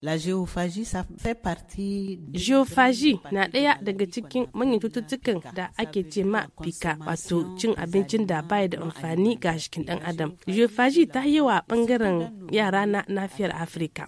La géophagie, ça fait partie... géophagie na ɗaya daga cikin manyan cututtukan da ake ce ma pika wato cin abincin da baya da amfani ga shikin ɗan adam. Geophagie ta yi wa ɓangaren yara na nafiyar Afirka.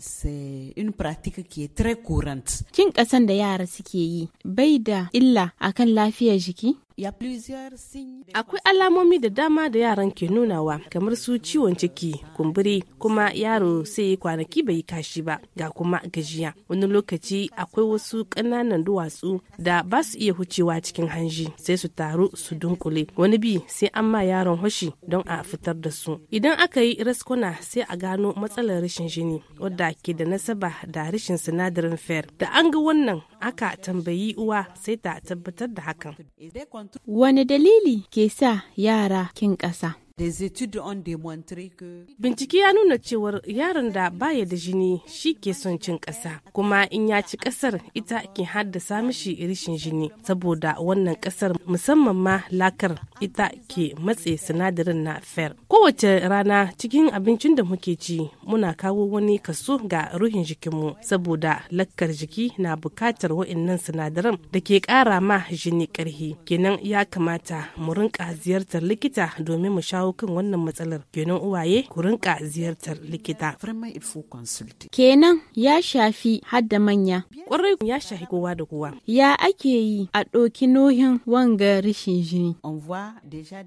in pratika ke tare kurant. Kin kasan da yara suke yi bai da illa akan lafiyar jiki? Akwai alamomi da dama da yaran ke nunawa kamar su ciwon ciki, kumburi, kuma yaro sai kwanaki bai kashi ba ga kuma gajiya. Wani lokaci akwai wasu ƙananan duwatsu da ba su iya hucewa cikin hanji sai su taru su dunkule. Wani bi sai an ma yaron hoshi don a fitar da su. Idan aka yi raskuna sai a gano matsalar rashin jini wadda ke da nasaba da rashin sinadarin fer da an ga wannan aka tambayi uwa sai ta tabbatar da hakan wani dalili ke sa yara kin ƙasa Bincike ya nuna cewar yaron da baya da jini shi ke son cin ƙasa, kuma in ya ci ƙasar ita ke haddasa mishi rashin jini, saboda wannan ƙasar musamman ma lakar ita ke matse sinadarin na fer kowace rana cikin abincin da muke ci muna kawo wani kaso ga ruhin jikinmu saboda lakkar jiki na bukatar wa'annan sinadaran da ke kara ma jini karhi kenan ya kamata mu rinka ziyartar likita domin mu shawo kan wannan matsalar kenan uwaye ku rinka ziyartar likita kenan ya shafi hadda manya kwarai ya shafi kowa da kowa ya ake yi a ɗoki nohin wanga rashin jini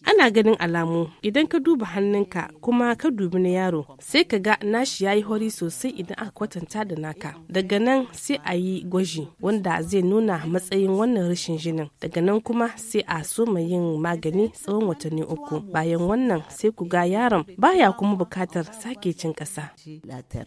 Ana ganin alamu idan ka duba hannunka kuma ka dubi na yaro sai ka ga nashi ya yi hori sosai idan aka kwatanta da naka. Daga nan sai a yi gwaji wanda zai nuna matsayin wannan rashin jinin. Daga nan kuma sai a soma yin magani tsawon watanni uku. Bayan wannan sai ku ga yaron baya kuma bukatar sake cin ƙasa.